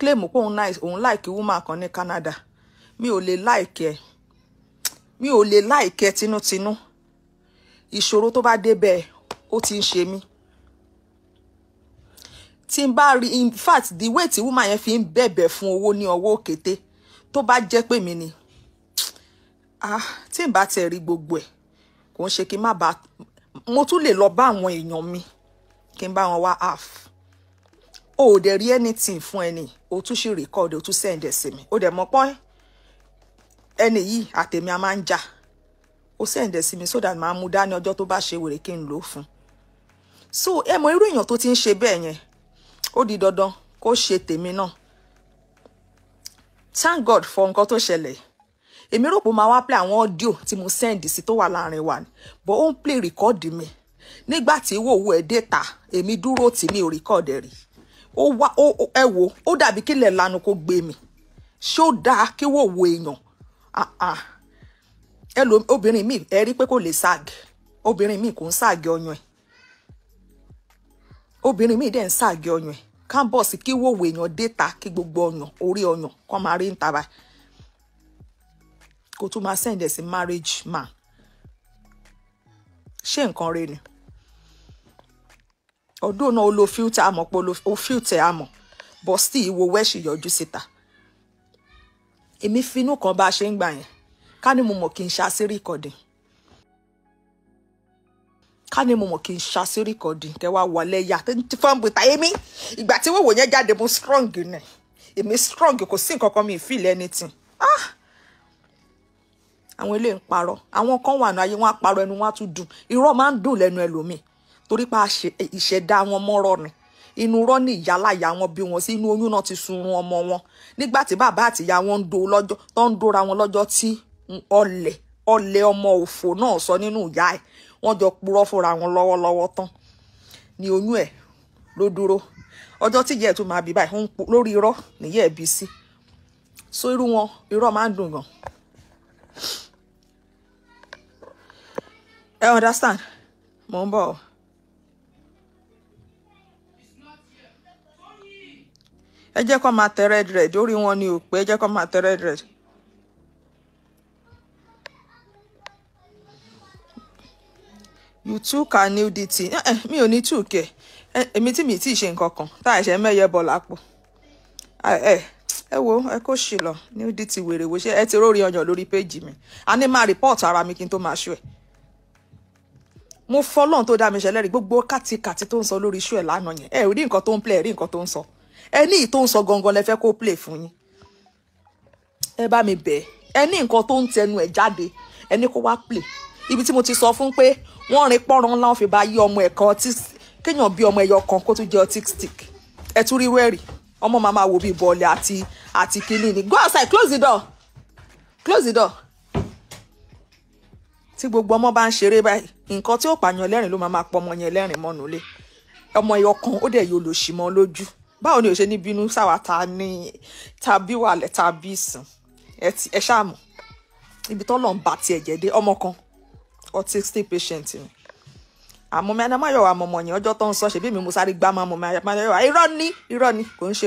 claim pé òun nice òun like woman kan ní Canada mi ò lè like ẹ mi ò lè like ẹ tinútinú ìṣòro tó bá dé ó ti ń ṣe mí tí n bá rí in fact the way tí woman yẹn fi ń bẹ̀bẹ̀ fún owó ní ọwọ́ òkété tó bá jẹ́ pé mi ni ah tí n bá tẹ̀ rí gbogbo ẹ̀ kò ń ṣe kí n má bàa mo tún lè lọ bá àwọn èèyàn mi kí n bá wọn wá half o ò dẹ̀ rí anything fún ẹni o tún ṣe record o tún send ẹ̀ sí mi o dẹ̀ mọ̀ pọ́n ẹni yìí àtẹ̀mí a máa ń jà o send ẹ̀ sí mi so that màá mú dání ọjọ́ tó bá ṣe wèrè kí n lò ó fún so ẹ mọ irú èèyàn tó ti ń ṣe bẹ́ẹ̀ yẹn ó di dandan kó ṣe tèmi náà thank god for nǹkan tó ṣẹlẹ̀ èmi rò pé máa wá play àwọn audio tí mo send sí tó wà láàrin wa but ó ń play record mi nígbà tí wòwú ẹ̀ dé ta èmi dúró tì mí ò record ẹ̀ rí ó wá ẹ wo ó dàbí kílẹ̀ lanu kó gbé mi ṣó dáa kí wò wo èèyàn ah, ah. ẹ lo obìnrin mi ẹ rí pé kò lè ságì obìnrin mi kò ń ságì ọyàn ẹ obìnrin mi dẹ̀ ń ságì ọyàn ẹ kábọ̀sì kí wò wo èèyàn déta kí gbogbo ọyàn orí ọyàn kọ́ máa rí ń taba kò tún máa send sí marriage man ṣé nǹkan rẹ ni Although no low filter, filter àmọ́ pé ó filter àmọ́ but still ìwo wẹ́ẹ̀sì yọjú síta èmi finú kan bá a ṣe ń gbà yẹn ká ní mo mọ̀ kí n ṣa sí rìkọ̀dìn ká ní mo mọ̀ kí n ṣa sí rìkọ̀dìn kẹ́ wá wọlé yá tí fọ́n bu ta èmi ìgbà tí wòwò yẹn jáde mo strong ni èmi strong kò sí nǹkan kan mi ì feel anything ah àwọn ilé ń parọ́ àwọn kan wà ní ayé wọn á parọ́ ẹnu wọn á tún dùn irọ́ máa ń dùn lẹ́nu ẹlòmíì torí pé ìṣẹ̀dá wọn mọ́rọ̀ ni inú rọ́ ní ìyáláyà wọn bí wọn sí inú oyún náà ti sunrun ọmọ wọn nígbà tí bàbá àtìyá wọn ń do lọ́jọ́ tó ń dóra wọn lọ́jọ́ tí ọlẹ̀ ọlẹ̀ ọmọ òfò náà sọ nínú ìyá ẹ̀ wọ́n jọ purọ́ fúnra wọn lọ́wọ́lọ́wọ́ tán ni oyún ẹ̀ ló dúró ọjọ́ tí tó máa bí báyìí lórí irọ́ nìyá bí sí so irú wọn irọ́ máa ń dùn gan. ẹ understand mo ń bọ̀ ọ́. ẹ jẹ́ kó máa tẹ red red orí wọn ni ò pé ẹ jẹ́ kó máa tẹ red red. you too can new dt eh, eh, mi ò ní two kẹ eh, èmi tí mi tí ì ṣe nǹkan kan tá àṣẹ mẹ́yẹ bọ̀ lápò ah, ẹ wo ẹ kó ṣì lọ new dt wèrè wo ṣe ẹ ti rórí ọyàn lórí péjì mi a ní máa rìpọ́ọ̀tì ara mi kí n tó máa ṣú ẹ mo fọlọ́n tó dá mi ṣẹlẹ́rìí gbogbo kàtìkàtì tó ń sọ lórí iṣu ẹ̀ lánàá yẹn ẹ rí nǹkan tó ń plẹ̀ rí nǹkan tó ń sọ ẹni tó ń sọ gangan lẹ fẹ́ kó play fún yín ẹ bá mi bẹ̀ ẹ ní nǹkan tó ń tẹnu ẹ̀ jáde ẹ ní kó wá play ibi tí mo ti sọ fún pé wọ́n rin pọ́nrán ńlá wọ́n fi bá yí ọmọ ẹ̀kan ọtí kéèyàn bí ọmọ ẹyọ kan kó tún jẹ ọtí stick ẹ tún rí wẹ́rì ọmọ màmá wo bíi bọ́ọ̀lì àti àti kínní ni go outside close the door close the door tí gbogbo ọmọ bá ń ṣeré báyìí nǹkan tí ó pààyàn lẹ́rìn ló máa máa pọ ọmọ yẹn lẹ́rìn mọ́nú lé ọmọ ẹyọ kan ó dẹ̀ yóò lò sí mọ́ lójú báwo ni o ṣe ní bínú sáwa ta ní tàbí wàlẹ̀ tàbí ìsìn ẹ ṣáàmù ibi tó lọ́n bá tiẹ̀ jẹ́ dé ọmọ kan autistic patient ni àmọ́ mi anamáyọ̀wá àmọ́ mọ̀nyìn ọjọ́ tó ń sọ ṣèbí mi mo sáré gbá máa mọ̀ mi anamáyọ̀wá irọ́ ni irọ́ ni kò ń ṣe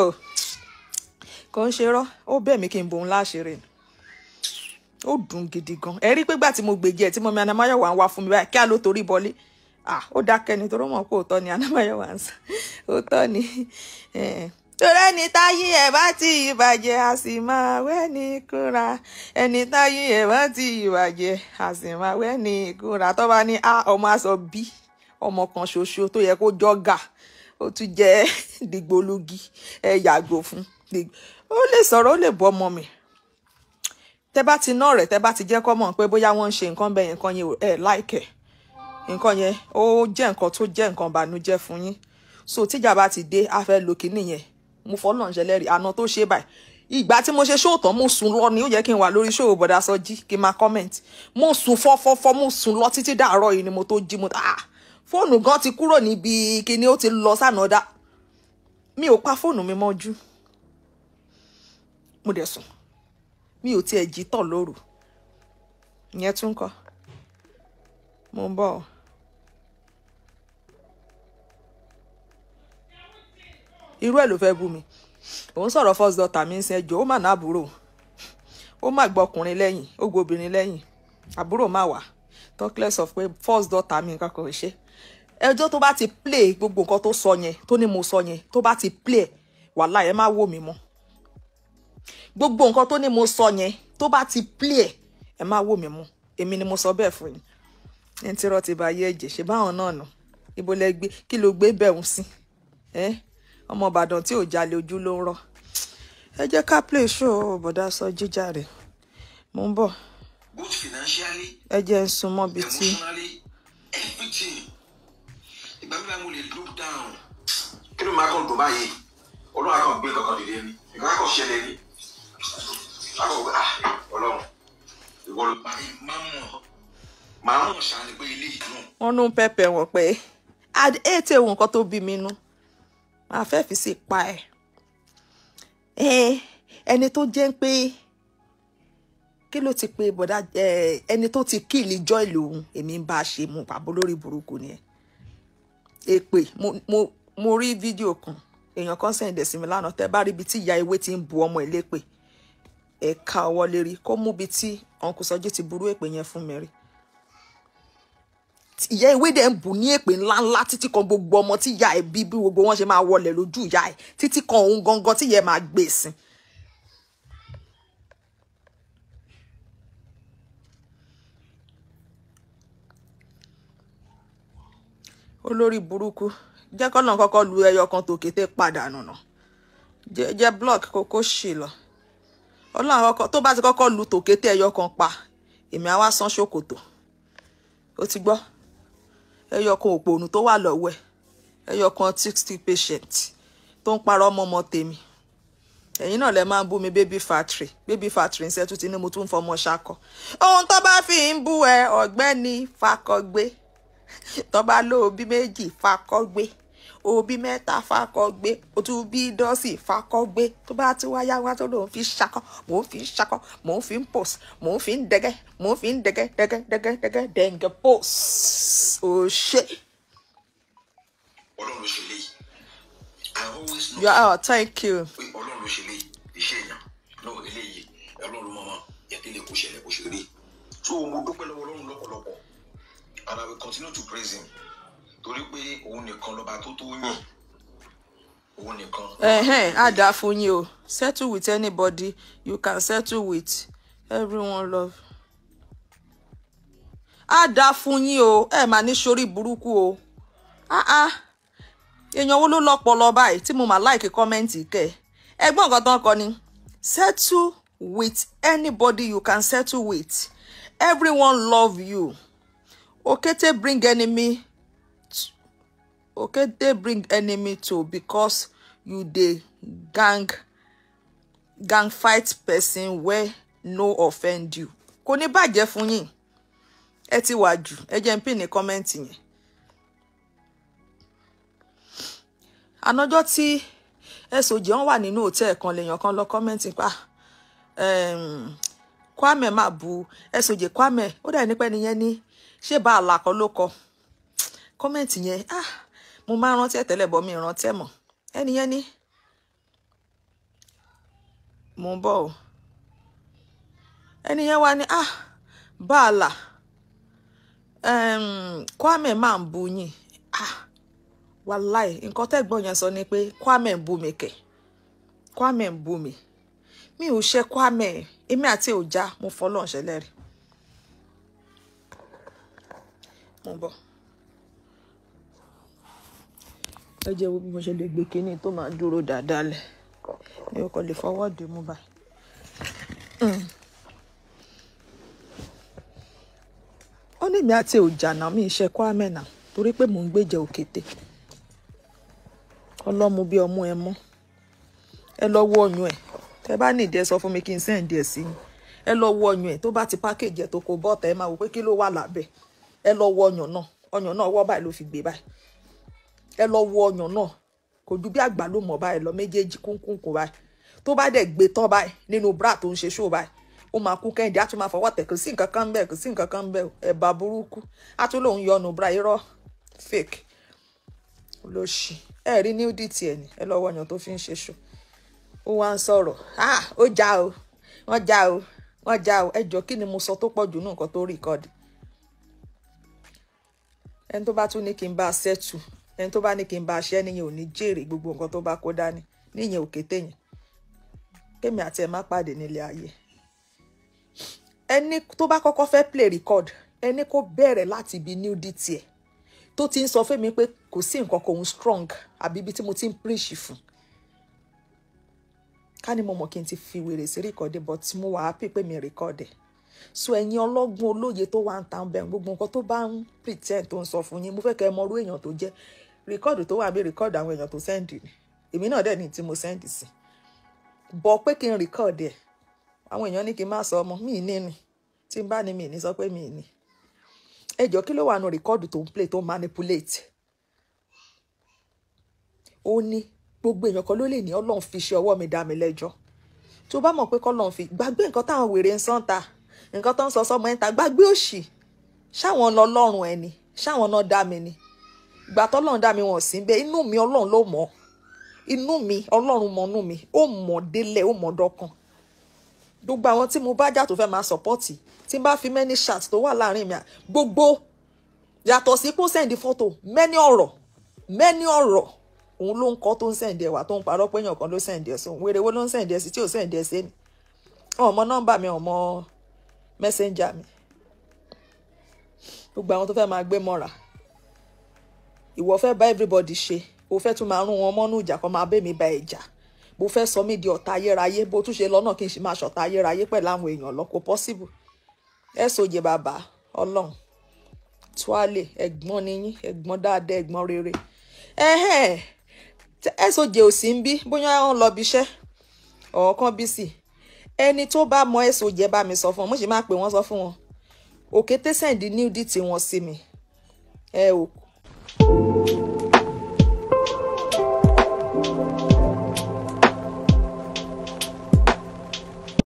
oh kò ń ṣe irọ́ ó bẹ̀ mí kí n bòun láṣìírí ni ó dùn gidi gan ẹ rí i pé gbà tí mo gbèjì ẹ tí mo mi anamáyọ̀wá ń wá fún mi báyìí kí á ló torí bọlé ó dákẹ́ ni torí mọ̀ pé òótọ́ ni anamáyọ̀wá ń sá òótọ́ ni torí ẹni táyé ẹ bá ti ìbàjẹ́ a sì máa wẹ́ni kúra ẹni táyé ẹ bá ti ìbàjẹ́ a sì máa wẹ́ni kúra tó bá ní a ọmọ aṣọ bí ọmọ kan ṣoṣo tó yẹ kó jọgà ó tún jẹ dìgbòlugi ẹ yàgò fún ó lè sọ̀rọ̀ ó lè bọ́ ọmọ mi tẹ bá ti ná rẹ tẹ bá ti jẹ́ kọ́ mọ̀ pé bóyá wọ́n ń ṣe nǹkan bẹ́ẹ̀ nǹkan yẹn ẹ láìkẹ̀ nǹkan yẹn ó jẹ́ nǹkan tó jẹ́ nǹkan bànújẹ́ fún yín so tíjà bá ti dé a fẹ́ lo kinní yẹn mo fọlọ́ ń ṣẹlẹ́rì àná tó ṣe báyìí ìgbà tí mo ṣe ṣóò tán mo sùn lọ ni ó yẹ kí n wà lórí ṣóò bọ̀dá Sọjí kí n máa comment mo sùn fọ́fọ́fọ́ mo sùn lọ títí dàárọ̀ yìí ni mo tó jí mo ah fóònù gan ti kúrò níbi kíní ó ti lọ sànàdá mi ò pa fóònù mi mọ́jú mo dẹ̀ sùn mi ò tiẹ̀ jí tọ̀ lóru ìyẹn tún kọ́ mo ń bọ̀ ọ́. irú ẹ̀ ló fẹ́ bú mi òun sọ̀rọ̀ first daughter mi ń sin ẹjọ́ ó mà ná àbúrò ó mà gbọkùnrin lẹ́yìn ó gbobìnrin lẹ́yìn àbúrò má wà talkless of pé first daughter mi nǹkan kan ò ṣe ẹjọ́ tó bá ti play gbogbo nǹkan tó sọ yẹn tó ní mo sọ yẹn tó bá ti play wàhálà ẹ má wò mí mọ́ gbogbo nǹkan tó ní mo sọ yẹn tó bá ti play ẹ má wò mí mọ́ èmi ni mo sọ bẹ́ẹ̀ fún yín ẹni tí irọ́ ti bá yé ẹ̀jẹ̀ ṣe báwọn náà nù ibo lẹ gbé kí ló gbé bẹ̀rù sí ẹ́ ọmọ ìbàdàn tí ò jalè ojú ló ń rọ ẹ jẹ́ ká play show bọ̀dá sọ jíjà rẹ̀ mo ń bọ̀ ẹ jẹ́ ń sun mọ́bi tí. ìgbà mi máa look down kí ló máa kàn dùn báyìí ọlọ́run àkàn gbé kankan dìde ni ìgbà kan ṣẹlẹ̀ ni àkọ́kọ́ ah, ọlọ́run ìwọ ló máa ń mọ̀ máa ń mọ̀ ṣáà ni pé ilé ìdùn. wọ́n ń pẹ́pẹ́ wọn pé àdéhùn nǹkan tó bí mi nú. No máa fẹ́ fi sí pa ẹ̀ ẹni tó jẹ́ pé kí ló ti pe bọ̀dá ẹni tó ti kíìlì joy lòun èmi ń bá a ṣe mu pàbó lórí burúkú ni ẹ èpè mo rí fídíò kan èèyàn kan sẹ́yìn dẹ̀ sí mi lánàá tẹ́ bá rí ibi tí ìyá ewé ti ń bu ọmọ ẹ̀ lépè ẹ̀ka ọwọ́ lérí kó mú ibi tí ọ̀nkùsọ́jú ti burú èpè yẹn fún mi rí ìyá ìwé dẹ̀ ń bù ní èpè ńláńlá títí kan gbogbo ọmọ tí ìyá ẹ̀ bí bí gbogbo wọn ṣe máa wọlẹ̀ lójú ìyá ẹ̀ títí kan òun gangan tí ìyá ẹ̀ máa gbé e sin. olórí burúkú jẹ́ kọ́nà kọ́kọ́ lu ẹyọ kan tòkè tẹ́ padà nànà jẹ́ block kókó ṣì lọ ọlọ́run kọ́kọ́ tó bá ti kọ́kọ́ lu tòkè tẹ́ ẹyọ kan pa èmi àwa san ṣòkòtò ó ti gbọ́ ẹyọkan òpònú tó wà lọ́wọ́ ẹ̀ ẹyọkan sixty patient tó ń parọ́ ọmọọmọ tèmi ẹ̀yin náà lẹ máa ń bú mi baby factory baby factory ń sẹ́tù tí ní mo tún ń fọmọ ṣakọ ohun tó bá fi ń bú ẹ ọ̀gbẹ́ni fakọgbé tó bá lóòbí méjì fakọgbé òbí mẹ́ta fakọ́gbé òtún bí dọ́sì fakọ́gbé tó bá ti wáyá wá tó lòun fi ṣakọ́ mò ń fi ṣakọ́ mò ń fi ń post mò ń fi ń dẹ́gẹ́ mò ń fi ń dẹ́gẹ́ dẹ́gẹ́ dẹ́gẹ́ dẹ́gẹ́ dẹ́gẹ́ post ò ṣe. ọlọ́run ṣe you are thank you. continue to praise him torí pé òun nìkan lọ́ba tó tó yàn hmm. òun nìkan. a dà fún yín o settle with anybody you can settle with everyone love. a dà fún yín o ẹ máa ní sórí burúkú o ah, ah. èèyàn wo ló lọ́pọlọ báyìí tí mo máa láìkí kọ́mẹ́ǹtì kẹ́ ẹgbọ́n nǹkan tán kọ ni settle with anybody you can settle with everyone love you okete bring enemy Okay, they bring enemy to because you they gang gang fight person where no offend you kò ní bàjẹ́ fún yín ẹ ti wà jù ẹ jẹ́ ń pín ní kọ́mẹ́ǹtì yẹn. ànájọ́ tí SOG wọn wà nínú kan lèèyàn kan lọ kọ́mẹ́ǹtì pa ehm, Kwame ma bu je Kwame ó dà nípa ẹni yẹn ní ṣé bá àlàkọ́ ló kọ kọ́mẹ́ǹtì yẹn ah mo máa ń rántí ẹ̀ bọ́ mi rántí ẹ̀ mọ ẹnìyẹn ni mo ń bọ̀ o ẹnìyẹn wá ní ah bàálà um, Kwame máa ń bu yín ah wàláì nǹkan tẹ́gbọ́n yẹn sọ ni pé Kwame ń bu mi kẹ̀ Kwame ń bu mi mi ò ṣe Kwame èmi àti òjá mo fọlọ́ọ̀ṣẹ́ lẹ́rìí mo ń bọ̀. ẹ jẹ́ wo bí mo ṣe lè gbé kínní tó máa dúró dáadáa lẹ̀ mi ò lè fọwọ́ dé mú báyìí. ó ní mi àti òjànà mi ìṣe kwame náà torí pé mò ń gbèjà òkété ọlọ́mu bí ọmú ẹ mọ́ ẹ lọ wọ ọyàn ẹ tẹ bá ní ìdí ẹ sọ fún mi kí n sẹ́ǹdì ẹ sí ẹ lọ wọ ọyàn ẹ tó bá ti pákéjì ẹ tó kó bọ́ọ̀tà ẹ máa wò pé kí ló wà lábẹ́ ẹ lọ wọ ọyàn náà ọyàn náà wọ́ báyìí ló fi gbé báyìí ẹ lọ wo ọyàn náà kò ju bí àgbálùmọ̀ báyìí lọ méjèèjì kúnkún kò báyìí tó bá dẹ̀ gbé tán báyìí nínú bra tó ń ṣe ṣó báyìí ó máa kú kẹ́hìndé á tún máa fọwọ́ tẹ̀ kò sí nǹkan kan bẹ́ẹ̀ kò sí nǹkan kan bẹ́ẹ̀ ẹ̀bà burúkú á tún lòun yọnu bra irọ́ fake olóṣì ẹ rí new dt ẹ ní ẹ lọ́wọ́ ọyàn tó fi ń ṣe ṣó ó wá ń sọ̀rọ̀ ah ó já o wọ́n já o wọ́n já o ẹ jọ kí ni mo sọ tó pọ̀ jù nù nǹkan tó rìkọ́dì ẹni tó bá tún ní kí n bá a ṣẹ́tù ẹni tó bá ní kí n bá ṣẹ́ níyẹn ò ní jèrè gbogbo nǹkan tó bá kó dání níyẹn òkè téyẹn kémi àti ẹ̀ má pàdé nílé ayé ẹni tó bá kọ́kọ́ fẹ́ play record ẹni kó bẹ̀rẹ̀ láti ibi new dt ẹ̀ tó ti ń sọ fún mi pé kò sí nǹkan kan òun strong àbí ibi tí mo ti ń preach fún ká ní mo mọ̀ kí n ti fi wèrè sí rìkọ́dé but mo wà á pè mi rìkọ́dé so ẹ̀yin ọlọ́gbọ́n olóye tó wà ń ta bẹ̀rù gbogbo nǹkan tó bá ń pretend tó ń sọ fún yín mo fẹ́ kẹ́ ẹ mọ irú èèyàn tó jẹ́ rìkọ́ọ̀dù tó wà bí rìkọ́ọ̀dù àwọn èèyàn tó sẹ́ǹdì ni èmi náà dẹ̀ ní tí mo sẹ́ǹdì sí bọ̀ pé kí n rìkọ́ọ̀dù ẹ̀ àwọn èèyàn ní kí n má sọ ọmọ mi ní ni tí n bá ní mi ní sọ pé mi ní ẹ jọ kí ló wà nù rìkọ́ọ̀dù tó ń play tó ń manipulate ó ní gbogbo èèyàn kan ló lè ní ọlọ́run fi ṣe ọwọ́ mi dá mi lẹ́jọ́ tó bá mọ̀ pé kọ́lọ́run fi gbàgbé nǹkan táwọn wèrè ń sàn ta nǹkan tó ń sọ sọmọ ẹ̀ ń ta gbàgbé òṣì ṣáwọn lọ ẹni ṣáwọn náà ni ìgbà tọ́lọ́run dá mi wọ̀n sí bẹ́ẹ̀ inú mi ọlọ́run ló mọ̀ inú mi ọlọ́run mọ̀ inú mi ó mọ̀ délẹ̀ ó mọ̀ dọ́kan gbogbo àwọn tí mo bá jà tó fẹ́ máa sọ̀pọ́tì tí n bá fi mẹ́ni ṣàt tó wà láàrin mi gbogbo yàtọ̀ sí kó sẹ́ndì fọ́tò mẹ́ni ọ̀rọ̀ mẹ́ni ọ̀rọ̀ òun ló ń kọ́ tó ń sẹ́ndì ẹ̀wà tó ń parọ́ pé èèyàn kan ló sẹ́ndì ẹ̀ sí òun wèrèwó ló ń sẹ́ndì ẹ̀ sí tí ò sẹ́ndì ẹ̀ sí ẹ̀mí ọmọ nọ́mbà mi ọmọ mẹ́sẹ̀njà mi gbogbo àwọn tó fẹ́ máa gbé mọ́ra ìwọ fẹ́ bá everybody ṣe o fẹ́ tún máa rún wọn mọ́nú ìjà kan máa bẹ́ẹ̀ mi ba ìjà bó fẹ́ sọ mí di ọ̀tá ayérayé bó tún ṣe lọ́nà kí n sì máa ṣọ̀tá ayérayé pẹ̀lú àwọn èèyàn lọ kò possible ẹ sòjè bàbá ọlọ́run tuale ẹ̀gbọ́n níyín ẹ̀gbọ́n dáadáa ẹ̀gbọ́n rere ẹ sòjè ò sí ń bí bóyá wọn lọ bí iṣẹ́ ọ̀ọ́kán bí sì ẹni tó bá mọ ẹ sòjè bá mi sọ fún wọn mo sì máa pè wọ́n sọ fún wọn òkété sẹ́ǹdì nídìí tí wọ́n sí mi ẹ ò Thank you.